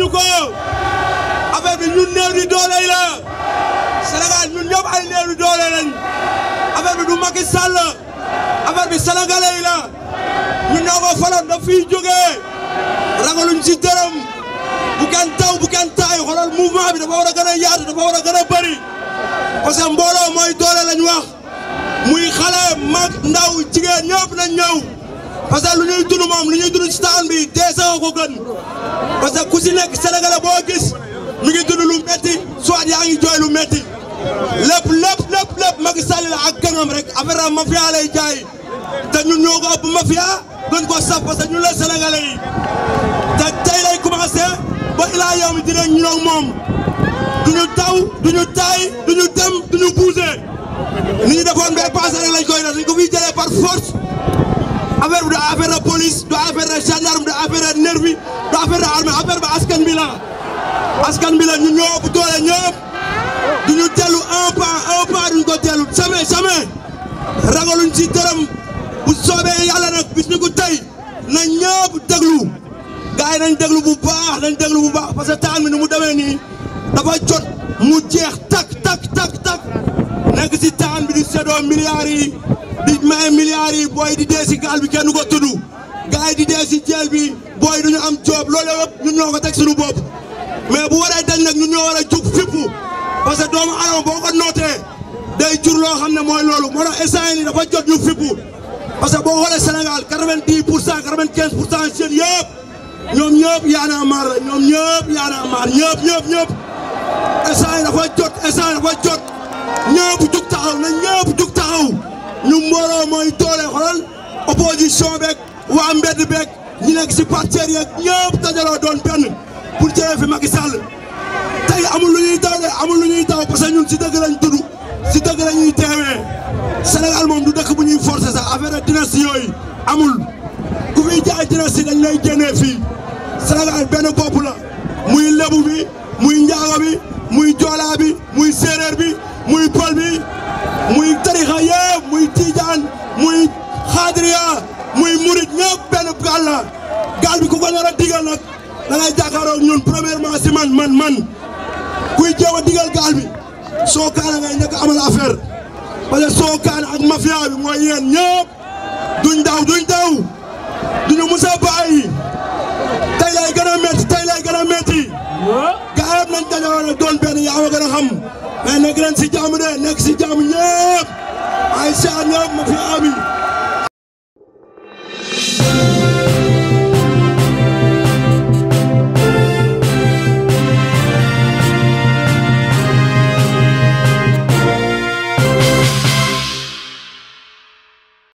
mënuñu ko affaire bi ñun néew di doole yi dërëm bu taw bu taay xoolal mouvement bi dafa war a gën a yaatu dafa war bëri parce mbooloo mooy doole lañ wax muy xale mag ndaw jigéen ñëpp nañ ñëw parce lu ñuy dund moom lu ñuy dund ci taan dee ko gën parce que ku si nekk Sénégalais boo gis lu métti soit yaa ngi jooy lu métti lépp lépp lépp lépp Macky Sall la ak gàngam rek affaire mafia lay jaay te ñun ñoo ko ëpp mafia gën ko saf parce que ñun la Sénégalais yi te tey lay commencé ba ilaa yow mi dinañ ñu ak moom duñu taw duñu taay duñu dem duñu bougé ni ñu defoon bee passé koy def dañ ko fiy jëlee par nervi du affaire de armée affaire ba askan bi askan bi la ñun ñoo ëpp doole ñëpp du ñu tellu un pas un pas duñ ko tellu jamais jamais ragaluñ ci dërëm bu soobee yàlla nag bis ni tey na ñëpp déglu gars yi nañ déglu bu baax nañ déglu bu baax parce que taan bi ni mu demee nii dafa jot mu jeex tak tak tak tak nekk ci taan bi di séddoo milliards yi di may milliards yi di dee gaal bi kenn ko tudd gars yi di dee jeel bi. booy duñu am joob loolu yëpp ñun ñoo ko teg suñu bopp mais bu waree dañ nag ñun ñoo war a jug fippu parce que doomu adama boo ko nootee day jur loo xam ne mooy loolu moo tax instant yi jot ñu fippu parce que boo xoolee Sénégal quatre-vingt-dix pour cent quatre-vingt-quinze pour cent ñoom ñëpp Y'en a ñoom ñëpp Y'en a marre ñëpp jot instant yi jot ñëpp jug taxaw na ñëpp jug taxaw ñu mbooloo mooy doole xolal opposition beeg waa mbedd ñi nekk si partenaires yeeg ñëpp dajaloo doon benn pour jëlee fi Macky Sall amul lu ñuy daw amul lu ñuy daw parce que ñun si dëgg lañ si dëgg la ñuy teewee Sénégal moom du dëkk bu ñuy forcer sax affaire dynastie amul ku fiy jaay dynastie dañ lay génnee fii Sénégal benn bopp la muy lebu bi muy njaago muy joolaa bi muy séeréer bi muy pël muy tarixa yëpp muy tiijaan muy xaadiriya muy murit ñëpp benn gaal la gaal bi ku ko nar a nag da ngay ñun premièrement si man man man kuy jéem a digal gaal soo kaana ngay njëkk amal affaire soo kaana ak mafia bi mooy yéen duñ daw duñ daw duñu musa bàyyi tey lay gën a métti tey lay gën a doon benn yaa ma gën a xam mais si jàmm de nekk si jàmm ñëpp ay saan ñëpp mafia